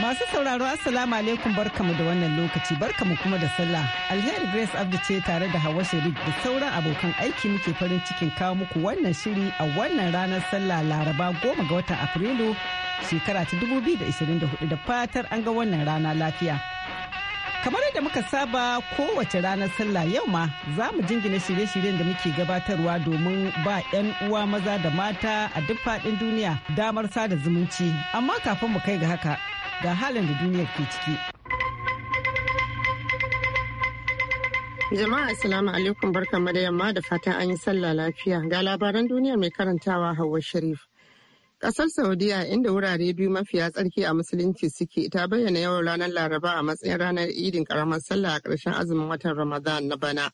Masu sauraro Assalamu alaikum barkamu da wannan lokaci barkamu kuma da sallah. Alheri Grace Abdi ce tare da Hawa Sharif da sauran abokan aiki muke farin cikin kawo muku wannan shiri a wannan ranar sallah Laraba goma ga watan Afrilu shekara ta 2024 da fatar an ga wannan rana lafiya. Kamar yadda muka saba kowace ranar sallah yau ma za mu jingina shirye-shiryen da muke gabatarwa domin ba 'yan uwa maza da mata a duk faɗin duniya damar sada zumunci. Amma kafin mu kai ga haka ga halin da duniyar ke ciki. Jama'a Assalamu alaikum barkan da yamma da fatan an yi sallah lafiya ga labaran duniya mai karantawa Hauwa Sharif. Kasar Saudiya inda wurare biyu mafiya tsarki a musulunci suke ta bayyana yawan ranar Laraba a matsayin ranar idin karamar sallah a ƙarshen azumin watan Ramadan na bana.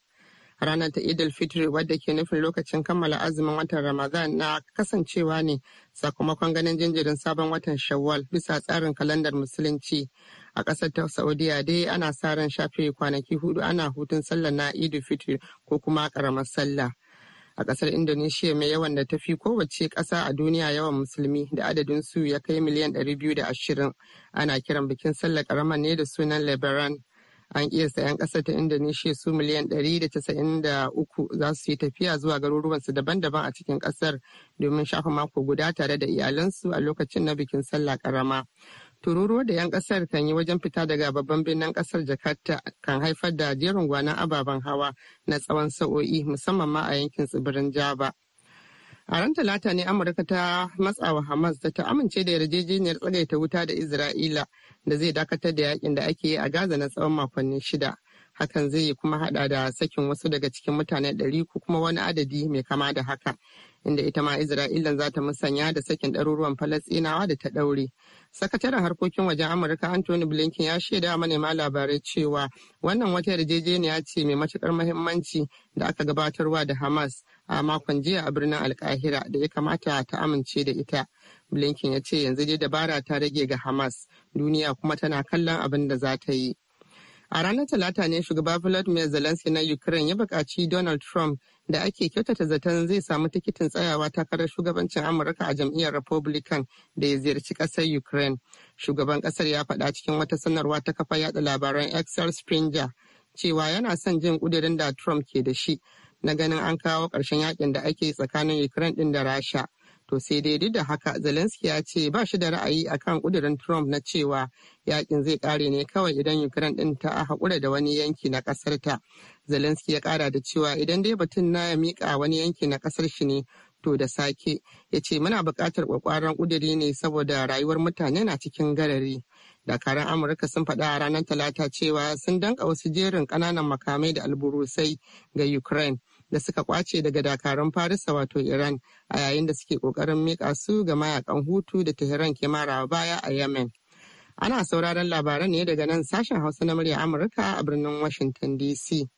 ranar ta idil fitri wadda ke nufin lokacin kammala azumin watan ramadan na kasancewa ne sakamakon ganin jinjirin sabon watan shawwal bisa tsarin kalandar musulunci a ƙasar ta saudiya dai ana sa ran shafe kwanaki hudu ana hutun sallah na idil fitri ko kuma karamar sallah a ƙasar indonesia mai yawan da ta fi kowace kasa a duniya yawan musulmi da adadin su ya kai miliyan 220 ana kiran bikin Sallah karamar ne da sunan lebaran an iya sayan ƙasar ta indonesia su miliyan 193 za su yi tafiya zuwa garuruwansu daban-daban a cikin ƙasar domin shafa mako guda tare da iyalansu a lokacin na bikin sallah karama tururuwa da 'yan ƙasar kan yi wajen fita daga babban birnin ƙasar jakarta kan haifar da jerin gwanan ababen hawa na tsawon sa'o'i musamman ma a yankin tsibirin java A ran Talata ne Amurka ta matsawa Hamas da ta amince da yarjejeniyar tsagaita wuta da Isra'ila da zai dakatar da yakin da ake yi a Gaza na tsawon makonni shida. Hakan zai yi kuma hada da sakin wasu daga cikin mutane ɗari ko kuma wani adadi mai kama da haka. Inda ita ma Isra'ilan za ta musanya da sakin ɗaruruwan Falasɗinawa da ta ɗaure. Sakataren harkokin wajen Amurka Anthony Blinken ya shaida manema labarai cewa wannan wata yarjejeniya ce mai matukar muhimmanci da aka gabatarwa da Hamas a makon jiya a birnin alkahira da ya kamata ta amince da ita blinken ya ce yanzu dai dabara ta rage ga hamas duniya kuma tana kallon abin da za ta yi a ranar talata ne shugaba vladimir zelensky na ukraine ya buƙaci donald trump da ake kyautata zaton zai samu tikitin tsayawa takarar shugabancin amurka a jam'iyyar republican da ya ziyarci ƙasar ukraine shugaban ƙasar ya faɗa cikin wata sanarwa ta kafa yada labaran excel springer cewa yana son jin ƙudurin da trump ke da shi na ganin an kawo ƙarshen yakin da ake tsakanin Ukraine ɗin da Rasha. To sai dai duk da haka Zelensky ya ce ba shi da ra'ayi akan kudirin Trump na cewa yakin zai kare ne kawai idan Ukraine din ta haƙura da wani yanki na ƙasar ta. Zelensky ya kara da cewa idan dai batun na ya mika wani yanki na ƙasar shi ne to da sake ya ce muna buƙatar ƙwaƙwaran kudiri ne saboda rayuwar mutane na cikin garari. dakaran Amurka sun faɗa a ranar Talata cewa sun danka wasu jerin ƙananan makamai da alburusai ga Ukraine da suka kwace daga dakarun Farisa wato Iran a yayin da suke ƙoƙarin miƙa su ga mayakan Hutu da Tehran ke mara baya a Yemen. Ana sauraron labaran ne daga nan sashen Hausa na murya Amurka a birnin Washington DC.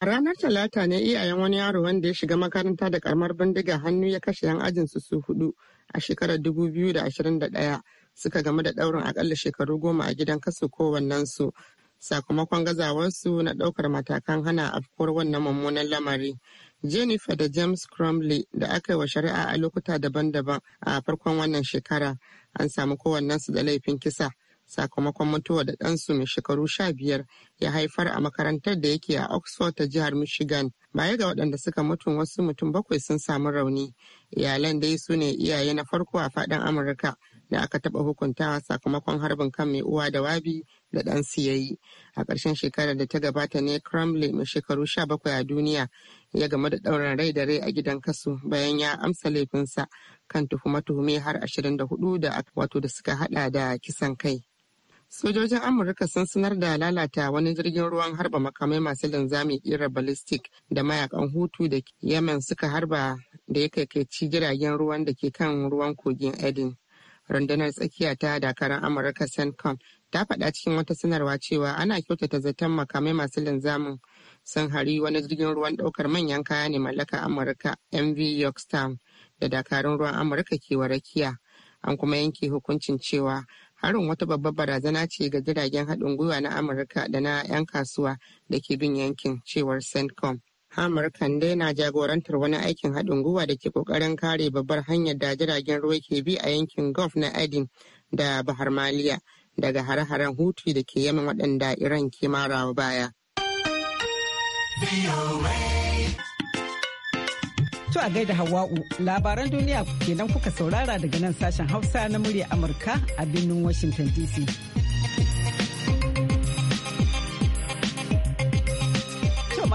A ranar Talata ne iyayen wani yaro wanda ya shiga makaranta da karamar bindiga hannu ya kashe yan ajinsu su hudu a shekarar 2021 suka game da ɗaurin akalla shekaru goma a gidan kasu kowannensu sakamakon gazawarsu na ɗaukar matakan hana afkuwar wannan mummunan lamari. Jennifer da James Cromley da aka yi wa shari'a a lokuta daban-daban a farkon wannan shekara an samu kowannensu da laifin kisa sakamakon mutuwa da ɗansu mai shekaru sha biyar ya haifar a makarantar da yake a Oxford ta jihar Michigan. Baya ga waɗanda suka mutu wasu mutum bakwai sun samu rauni. Iyalan dai su ne iyaye na farko a faɗin Amurka da aka taɓa hukuntawa sakamakon harbin kan mai uwa da wabi da ɗan siyayi a ƙarshen shekarar da ta gabata ne kremlin mai shekaru bakwai a duniya ya game da ɗaurin rai da rai a gidan kasu bayan ya amsa laifinsa kan tuhuma tuhume har 24 da hudu da wato da suka hada da kisan kai sojojin amurka sun sanar da lalata wani jirgin ruwan harba makamai masu linzami kirar ballistic da mayakan hutu da yemen suka harba da ya kaikaici jiragen ruwan da ke kan ruwan kogin edin rundunar tsakiya ta dakarun amurka centcom ta faɗa cikin wata sanarwa cewa ana kyautata zaton makamai masu linzamin sun hari wani jirgin ruwan ɗaukar manyan kaya ne mallaka amurka mv yorkstown da dakarun ruwan amurka ke warakiya an kuma yanke hukuncin cewa harin wata babbar barazana ce ga jiragen haɗin gwiwa na amurka da na 'yan kasuwa da ke bin yankin cewar centcom Hamar Kande na jagorantar wani aikin haɗin gwiwa da ke ƙoƙarin kare babbar hanyar da jiragen ruwa ke bi a yankin Gulf na Aden da Bahar Maliya daga hare-haren Hutu da ke yaman waɗanda Iran ke marawa baya. To a gaida Hawa'u labaran duniya kenan kuka saurara daga nan sashen Hausa na murya Amurka a birnin Washington DC.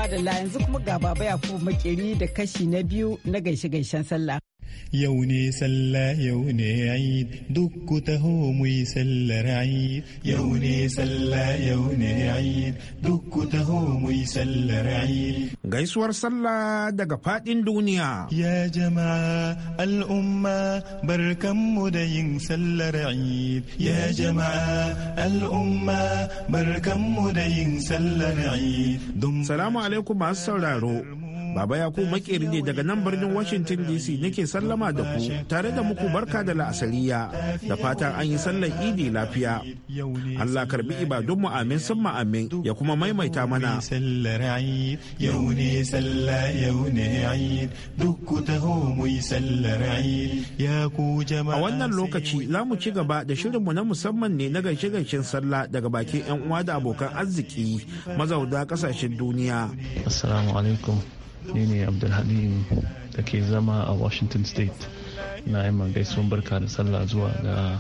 madalla yanzu kuma ga baba yakubu makeri da kashi na biyu na gaishe-gaishen sallah. yau ne sallah yau ne aid duk taho mu sallar aid yau ne sallah yau ne aid duk taho mu sallar aid gaisuwar sallah daga fadin duniya ya jama'a al'umma barkanmu da yin sallar aid ya jama'a al'umma barkanmu da yin sallar aid salamu alaikum masu sauraro Baba ya ku makeri ne daga nan birnin Washington DC nake sallama da ku tare da muku barka da la'asariya da fatan an yi sallar idi lafiya. Allah karbi ibadunmu amin sun amin ya kuma maimaita mana. A wannan lokaci za mu ci gaba da shirinmu na musamman ne na gaishe-gaishen sallah daga bakin 'yan uwa da abokan arziki mazauna kasashen duniya. Assalamu ni ne abdulhamim da ke zama a washington state na yi gaisuwar barka da sallah zuwa ga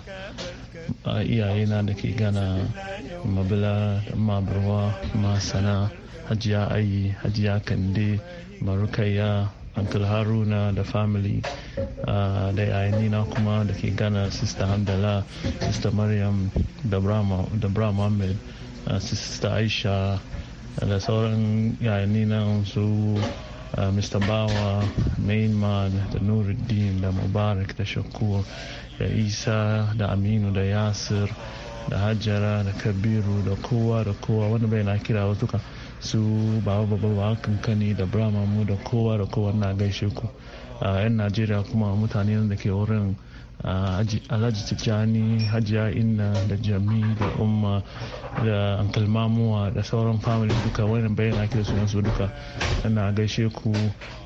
iyayena da ke gana mabila mabarwa masana hajiya ayi hajiya kande marukaiya uncle haruna da family da yayanina kuma da ke gana sister hamdala sister maryam da brahma muhammad sister aisha da sauran yayanina su mr bawa Man, da nuruddin da mubarak da shakur da isa da aminu da yasir da hajjara da kabiru da kowa da kowa wanda bai na kira wasu ka su baba baba ba kani da brahma da kowa da kowa na gaishe ku yan najeriya kuma mutane da ke wurin alhaji tijjani hajiya inna da jami da umma da ankal da sauran family duka wannan bayan ake da sunan duka na gaishe ku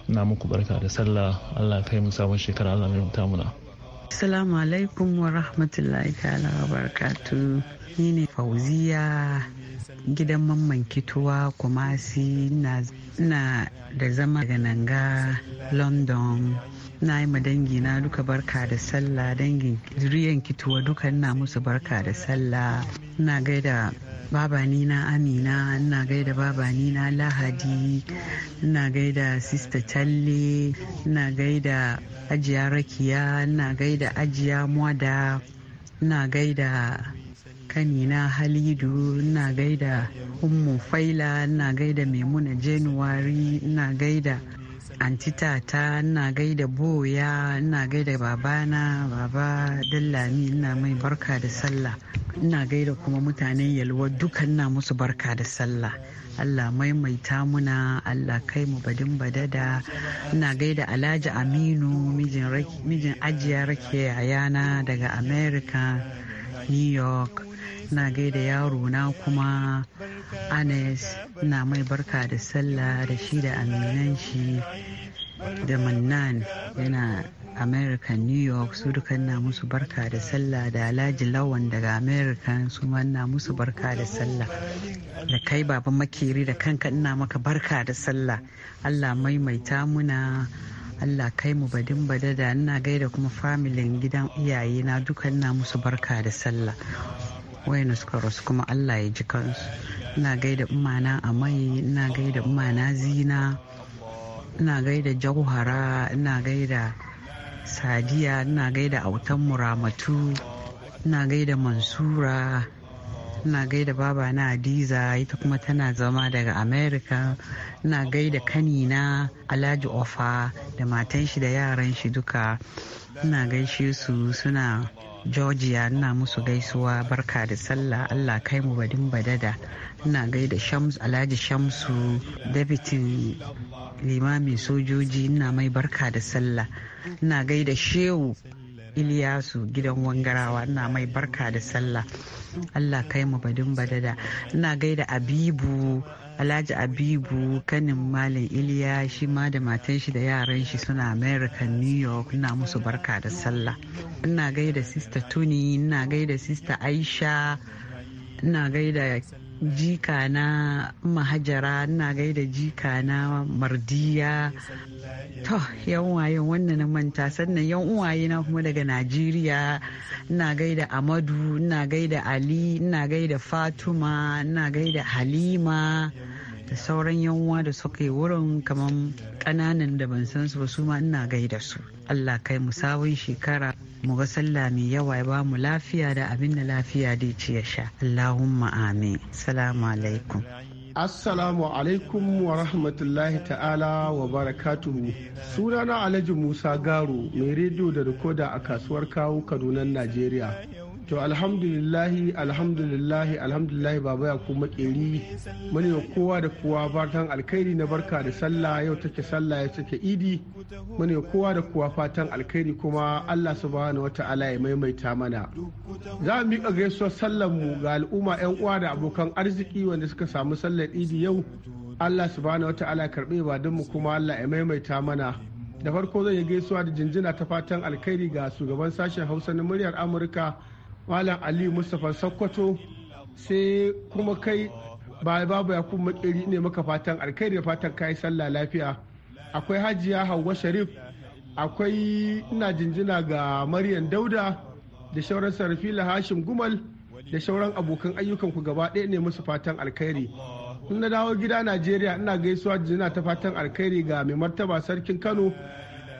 na muku barka da sallah allah kai mu samun shekara allah mai muna. Assalamu alaikum wa rahmatullahi ta'ala wa barakatu. Ni ne Fauziya gidan mamman kituwa Kumasi na da zama daga Nanga London na yi ma dangi na duka barka da sallah dangin zuriyan kituwa duka ina musu barka da sallah ina gaida babani na amina ina gaida babani na lahadi ina gaida sista talle ina gaida ajiya rakiya ina gaida ajiya mwada ina gaida kanina halidu ina gaida umu faila ina gaida maimuna januwari ina gaida anti tata ina gaida boya ina gaida babana baba dallami ina mai barka da sallah ina gaida kuma mutanen yalwa duka ina musu barka da sallah Allah maimaita muna Allah kai mu badin badada ina gaida Alhaji Aminu mijin ajiya rake yayana daga America New York na gaida yaro na kuma anes na mai barka da sallah da shi da aminan shi da mannan yana america new york su duka na musu barka da sallah da alhaji lawan daga america su na musu barka da sallah da kai baban makeri da kanka ina maka barka da sallah allah maimaita muna Allah kai mu badin badada ina gaida kuma familin gidan iyaye na duka ina musu barka da sallah wayanda suka rasu kuma allah ya ji kansu ina gaida umana a mai ina gaida umana zina ina gaida jauhara ina gaida sadiya ina gaida autan muramatu ina gaida mansura ina gaida baba na adiza ita kuma tana zama daga america ina gaida kanina alhaji ofa da matan shi da yaran shi duka ina gaishe su suna georgia ina musu gaisuwa barka da sallah allah kai mu badin badada ina gaida shams alhaji shamsu dabitin limamin sojoji ina mai barka da sallah ina gaida shehu iliyasu gidan wangarawa ina mai barka da sallah allah kai mu badin badada ina gaida abibu alhaji abibu kanin malam iliya shi ma da matan shi da yaran shi suna america new york ina musu barka da sallah ina gaida sista tuni ina gaida sista aisha ina gaida jika na mahajara ina gaida jika na mardiya to yan uwaye wannan na manta sannan yan uwaye na kuma daga najeriya ina gaida amadu ina gaida ali ina gaida fatuma ina gaida halima da sauran yanwa da suka yi wurin kamar kananan da ban san su ba su ma ina gaida su allah kai mu sabon shekara mu ga sallah mai yawa ya mu lafiya da abin da lafiya ya ci ya sha allahumma amin assalamu alaikum Assalamu alaikum wa rahmatullahi ta'ala wa barakatuhu. Sunana Alhaji Musa Garo mai rediyo da rikoda a kasuwar kawo Kaduna, Najeriya. to alhamdulillahi alhamdulillahi alhamdulillahi baba ya kuma makeri muni kowa da kowa fatan alkhairi na barka da sallah yau take sallah ya take idi muni kowa da kowa fatan alkhairi kuma Allah subhanahu wata'ala ya maimaita mana za mu miƙa gaisuwar sallar mu ga al'umma yan uwa da abokan arziki wanda suka samu sallar idi yau Allah subhanahu wata'ala karbe ba don mu kuma Allah ya maimaita mana da farko zan yi gaisuwa da jinjina ta fatan alkhairi ga shugaban sashen Hausa na muryar Amurka malam ali mustapha sokoto sai kuma kai ba babu ya kuma makiri ne maka fatan alkhairi da fatan kayi sallah lafiya akwai hajiya hauwa sharif akwai ina jinjina ga maryam dauda da shauran sarfi hashim gumal da shauran abokan ayyukanku gaba ɗaya ne musu fatan alkhairi in na dawo gida najeriya ina gaisuwa jina ta fatan alkhairi ga mai martaba sarkin kano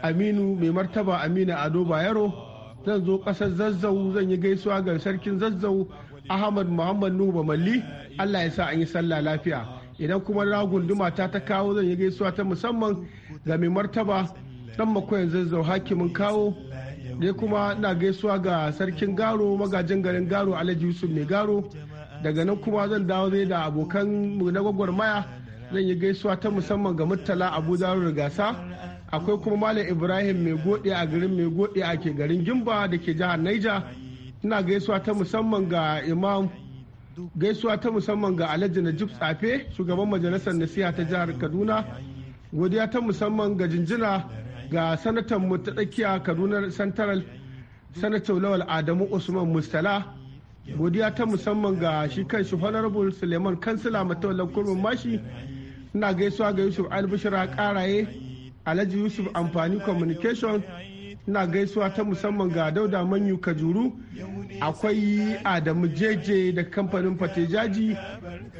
aminu mai martaba amina ado bayero zan zo kasar zazzau zan yi gaisuwa ga sarkin zazzau ahmad muhammad nuhu malli allah ya sa an yi sallah lafiya idan kuma na gunduma ta ta kawo zan yi gaisuwa ta musamman ga mai martaba dan makoyan zazzau hakimin kawo dai kuma na gaisuwa ga sarkin garo magajin garin garo alhaji yusuf mai garo daga nan kuma zan dawo zai da abokan na gwagwarmaya zan yi gaisuwa ta musamman ga murtala abu zaru rigasa akwai kuma malam ibrahim mai gode a garin mai gode a ke garin gimba da ke jihar naija ina gaisuwa ta musamman ga imam gaisuwa ta musamman ga alhaji najib tsafe shugaban majalisar nasiha ta jihar kaduna godiya ta musamman ga jinjina ga sanatan mu ta tsakiya kaduna central sanatar lawal adamu usman mustala godiya ta musamman ga shi kan shi honorable suleiman kansila matawallan kurmin mashi ina gaisuwa ga yusuf albishira karaye alhaji yusuf amfani communication na gaisuwa ta musamman ga dauda manyu kajuru akwai adamu jeje da kamfanin fatejaji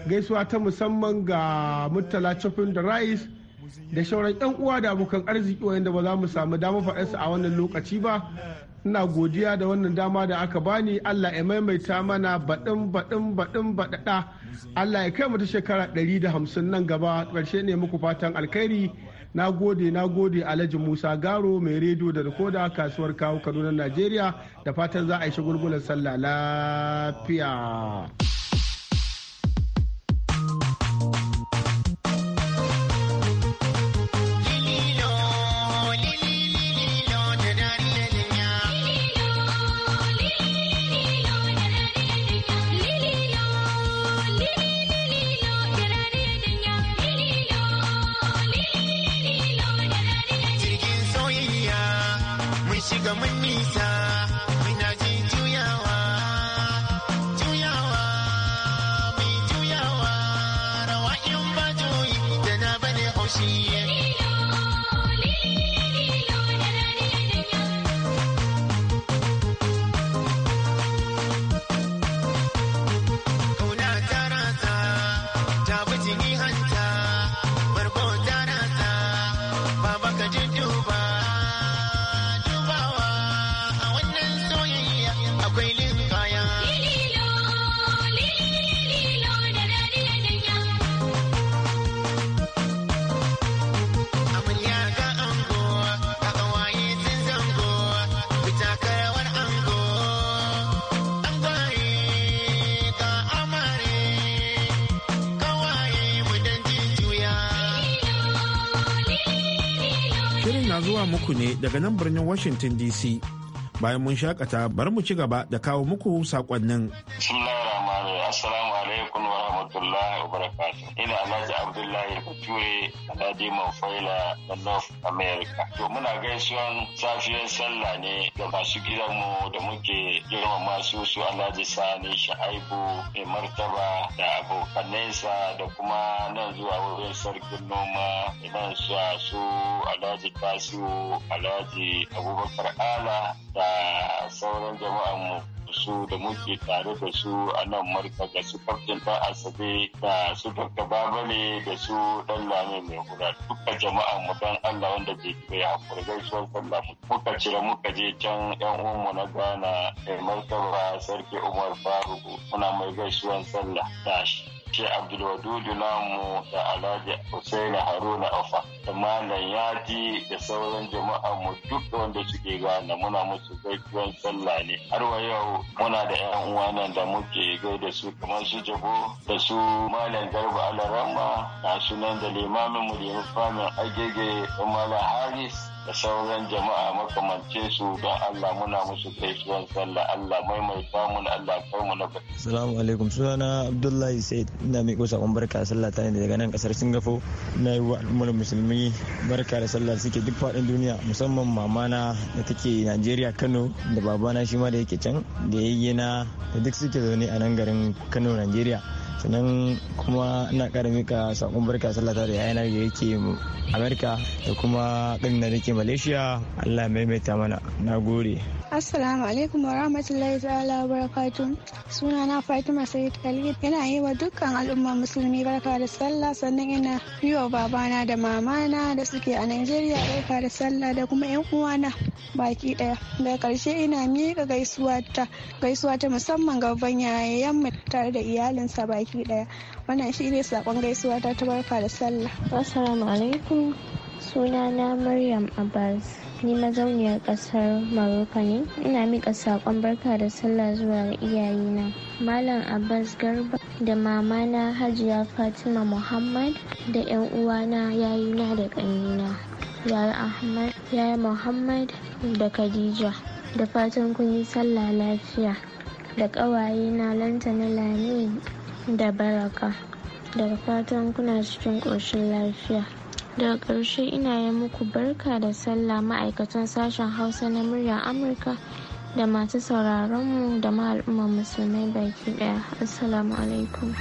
gaisuwa ta musamman ga murtala chopin da rice da shauran 'yan uwa da abokan arziki wanda ba za mu samu dama faɗarsa a wannan lokaci ba ina godiya da wannan dama da aka bani allah ya maimaita mana baɗin baɗin baɗin baɗaɗa allah ya kai mu ta shekara 150 nan gaba ƙarshe ne muku fatan alkhairi na gode na gode alhaji musa garo mai rediyo da rikoda kasuwar kawo kaduna najeriya da fatan za a yi shagulgulan sallah lafiya shiga mun nisa na zuwa muku ne daga nan birnin Washington DC. Bayan mun shakata bar mu ci gaba da kawo muku sakonnin. Bismillahirrahmanirrahim. Assalamu alaikum wa rahmatullahi wa barakatuh. Ina Alhaji Abdullahi Bature Dadi Faila na North America. To muna gaisuwan safiyar sallah ne ga masu gidanmu da muke girmama masu su Alhaji Sani Shaibu mai martaba da abokanensa da kuma nan zuwa wurin sarkin noma idan zuwa su Alhaji Tasiu Alhaji Abubakar Ala da sauran jama'anmu su da muke tare da su a nan marka da su kaftin ta asabe da su dokta babale da su Danlami lame mai hura duka jama'a mu dan allah wanda bai kai hakuri gaisuwar sallah muka cire muka je can yan uwanmu na ghana mai martaba sarki umar faruku muna mai gaisuwan sallah tashi ce abdulwadudu namu da alhaji Hussaini haruna ofa da malam yaji da sauran jama'a mu duk wanda suke gane muna musu gaisuwan sallah ne har wa yau muna da yan uwa nan da muke gai da su kamar su jabo da su malam garba alarama na sunan da limamin mu limamin agege da malam haris da sauran jama'a makamance su don Allah muna musu kaisuwan sallah Allah maimaita mun Allah kai mu na Assalamu alaikum sunana Abdullahi Said ina mai ko sakon barka sallah ta ne daga nan kasar Singapore ina yi wa al'ummar musulmi barka da sallah suke duk fadin duniya musamman mama na da take Najeriya Kano da babana shi ma da yake can da yayyena da duk suke zaune a nan garin Kano Najeriya. sannan kuma ina kara mika sakon barka ta da yayanar da yake amerika da kuma kanina da yake malaysia allah maimaita mana na gore. assalamu alaikum wa rahmatullahi ta'ala wa barakatu suna na fatima sayyid khalid yana yi wa dukkan al'umma musulmi barka da sallah sannan ina yi wa babana da mamana da suke a nigeria barka da sallah da kuma yan uwana baki daya daga karshe ina miƙa gaisuwa ta musamman ga banya yayan tare da iyalinsa baki baki daya wannan shi ne sakon gaisuwa ta ta tabarka da sallah assalamu alaikum na maryam abbas ni mazauniyar kasar maroka ne ina mika sakon barka da sallah zuwa ga iyayena malam abbas garba da mamana hajiya fatima muhammad da yan uwana yayuna da kanina yaya ahmad yaya muhammad da khadija da fatan kun yi sallah lafiya da ƙawaye na lantana lami da baraka daga fatan kuna cikin ƙoshin lafiya daga ƙarshe ina yi muku barka da sallah ma'aikatan sashen hausa na muryar amurka da masu sauraronmu da ma'al'umma musulmai baki ɗaya assalamu alaikum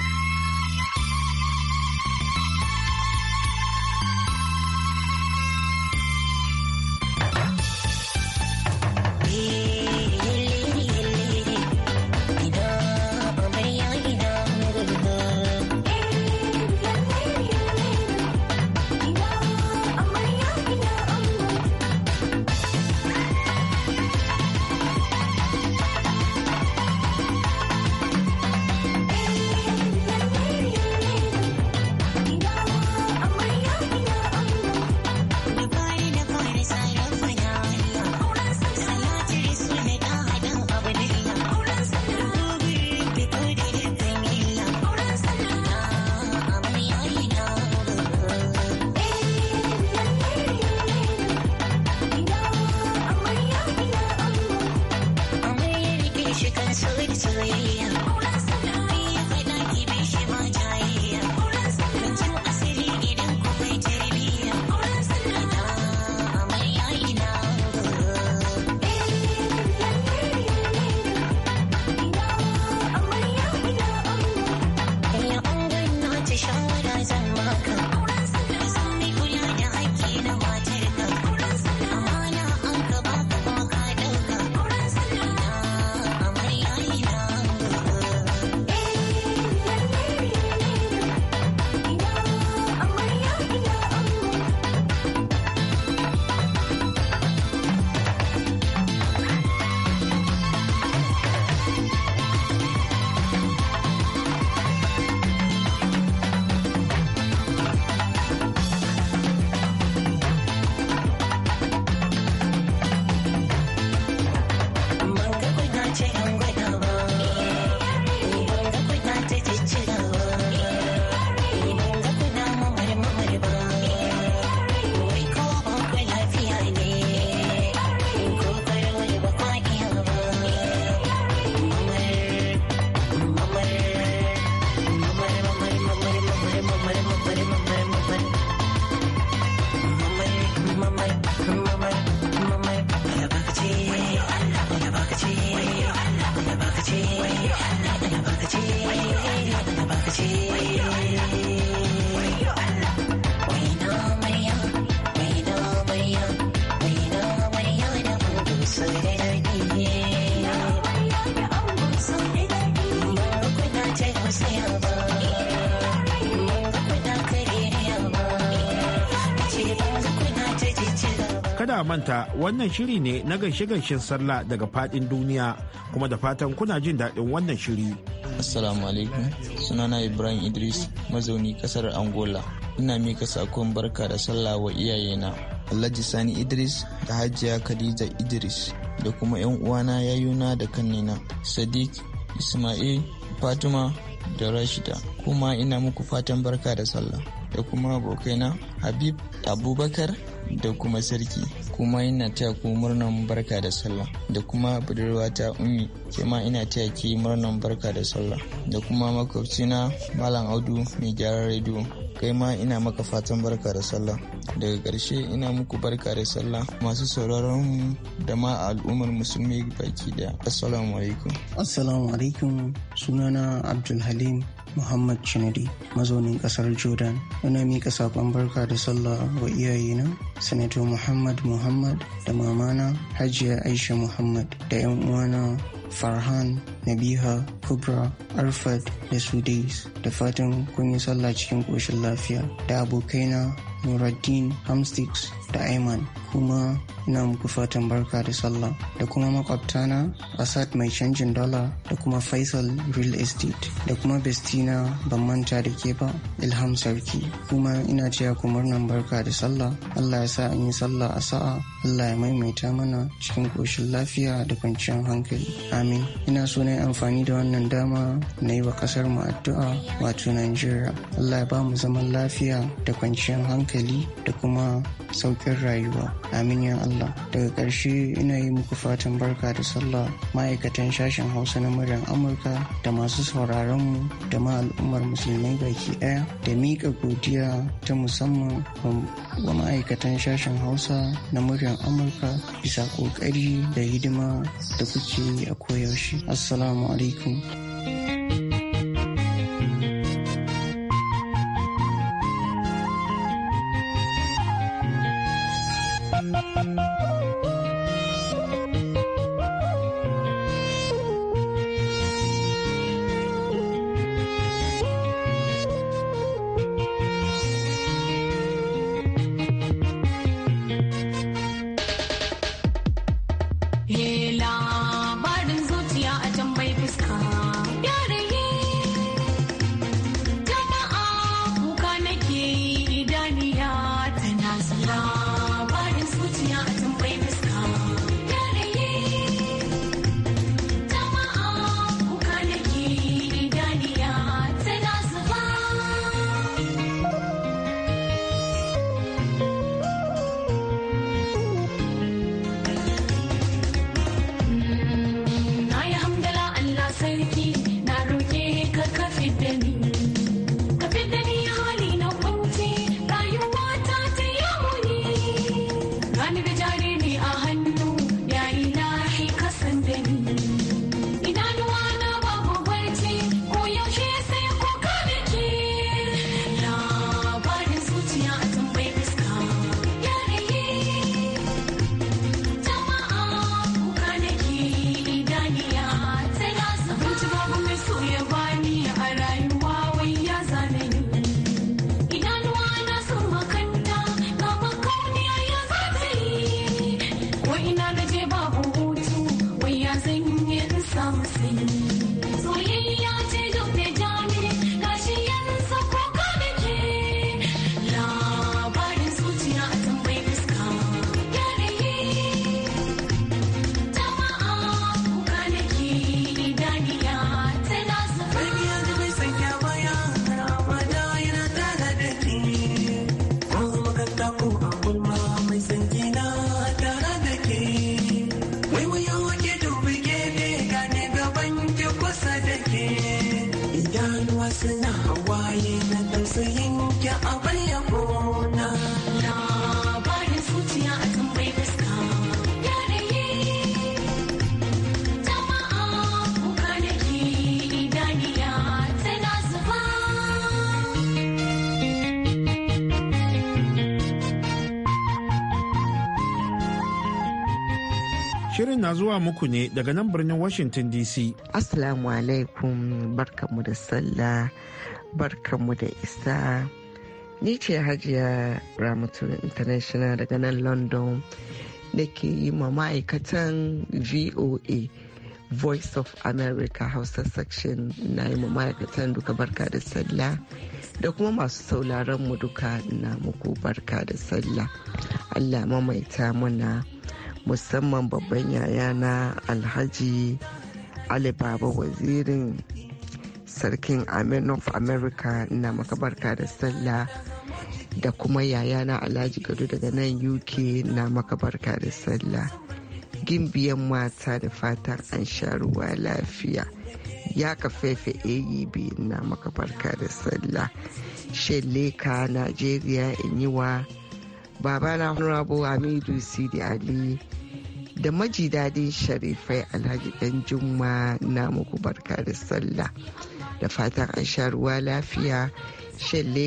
kada manta wannan shiri ne na gaishe-gaishen sallah daga fadin duniya kuma da fatan kuna jin daɗin wannan shiri. Assalamu alaikum sunana Ibrahim Idris mazauni kasar Angola ina mika sakon barka da sallah wa iyayena Alhaji Sani Idris da Hajiya Khadija Idris da kuma 'yan uwana yayuna da kannina Sadiq Ismail Fatima da Rashida kuma ina muku fatan barka da sallah da kuma abokaina Habib Abubakar da kuma sarki kuma ina taya ku murnan barka da sallah da kuma budurwata ummi ke ma ina taya ki murnan barka da sallah da kuma makwabcina malam audu mai gyaran rediyo kai ma ina maka fatan barka da sallah daga ƙarshe ina muku barka da sallah masu sauraron mu da ma al'ummar musulmi baki ɗaya. assalamu alaikum assalamu alaikum sunana abdulhalim Muhammad Chinadi mazaunin kasar Jordan. Ina miƙa saƙon barka da sallah wa iyayena, Sanato Muhammad Muhammad da mamana Hajiya Aisha Muhammad da 'yan uwana Farhan, Nabiha, kubra Alfred da sudais da fatan kun yi sallah cikin ƙoshin lafiya da abokaina Nuruddin Hamsticks da Ayman kuma ina muku fatan barka da sallah da kuma makwabtana Asad mai canjin dala da kuma Faisal Real Estate da kuma Bestina ban manta da ke ba Ilham Sarki kuma ina cewa ku murnan barka da sallah Allah ya sa an yi sallah a sa'a Allah ya maimaita mana cikin ƙoshin lafiya da kwanciyar hankali amin ina so na amfani da wannan wannan dama na yi wa kasar mu addu'a wato Najeriya. Allah ya ba mu zaman lafiya da kwanciyar hankali da kuma saukin rayuwa. Amin ya Allah. Daga ƙarshe ina yi muku fatan barka da sallah ma'aikatan sashen Hausa na muryar Amurka da masu sauraron mu da ma al'ummar musulmai baki ɗaya da miƙa godiya ta musamman wa ma'aikatan sashen Hausa na muryar Amurka bisa ƙoƙari da hidima da kuke yi a koyaushe. Assalamu alaikum. Shirin na zuwa muku ne daga nan birnin Washington DC. Assalamu alaikum barkamu da sallah barkamu da isa. Ni ce Hajiya Ramatu International daga nan London da ke yi ma ma'aikatan VOA Voice of America Hausa section na yi ma ma'aikatan duka barka da sallah. da kuma masu sauraron mu duka na muku barka da sallah allah mamaita muna musamman babban yayana alhaji ali baba wazirin sarkin amir of america na makabarka da sallah da kuma yayana alhaji gado daga nan uk na makabarka da sallah gimbiyan mata da fatan an sha lafiya ya ka fefe aeb na makabarka da sallah shelleka najeriya inyiwa babana honorable hamidu sidi ali da maji dadin sharifai alhaji dan juma na muku barka da sallah da fatan an sha ruwa lafiya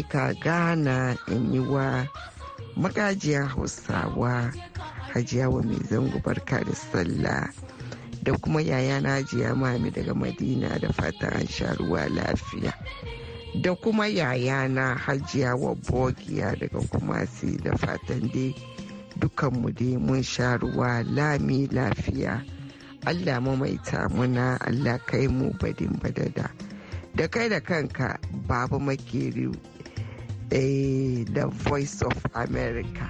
ka Gana, in yi wa magajiyar hausawa hajiya wa mai zango barka da sallah da kuma yayana hajiya mami daga madina da fatan an sha lafiya da kuma yayana hajiya wa bogiya daga kumasi da fatan dai dukanmu dai mun sha ruwa lami lafiya allah mamaita muna allah kai mu badin badada da kai da kanka babu makeri da eh, voice of america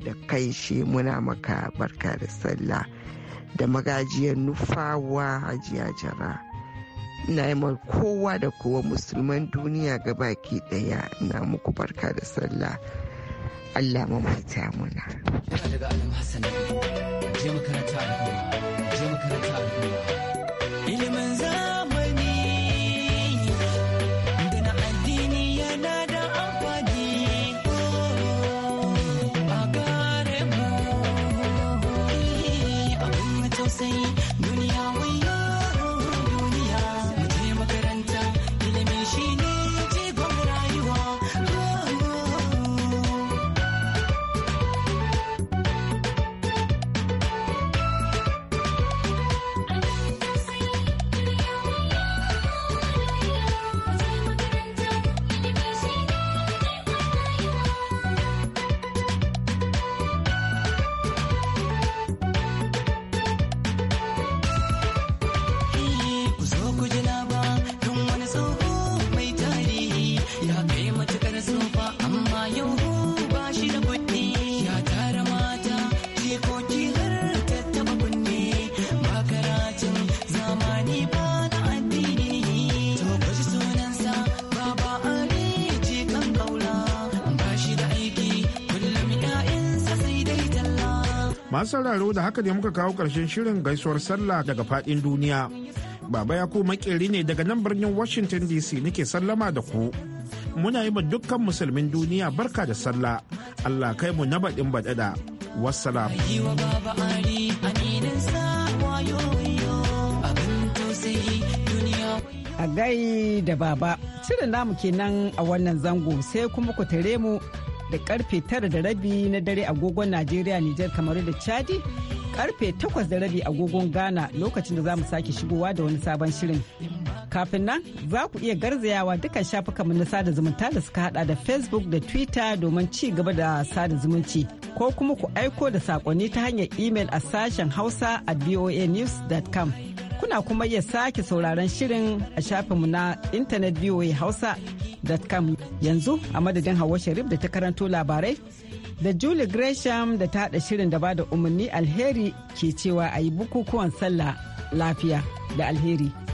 da kai shi muna maka barka da sallah da magajiyar nufawa hajiya jara ina yi kowa da kowa musulman duniya ga baki daya na muku barka da sallah Allah mamaita muna. Daga Adam Hassan. Masu sauraro da haka ne muka kawo ƙarshen shirin gaisuwar sallah daga faɗin duniya. Baba ya makeri ne daga nan birnin Washington DC nake sallama da ku. Muna yi ma dukkan musulmin duniya barka da sallah. Allah kai mu na baɗin baɗaɗa. Wassalam. A gai da baba, shirin namu kenan a wannan zango sai kuma ku tare mu da karfe tara da rabi na dare agogon Najeriya Nijar kamar da Chadi karfe takwas da rabi agogon Ghana lokacin da za mu sake shigowa da wani sabon shirin. Kafin nan za ku iya garzayawa dukkan shafukanmu na sada zumunta da suka hada da Facebook da Twitter domin ci gaba da sada zumunci ko kuma ku aiko da sakonni ta hanyar email a sashen hausa at voanews.com. Kuna kuma iya sake sauraron shirin a shafinmu na intanet hausa.com yanzu a madadin Hawa Sharif da ta karanto labarai da Julie Gresham da ta haɗa shirin da ba da umarni alheri ke cewa a yi bukukuwan sallah lafiya da alheri.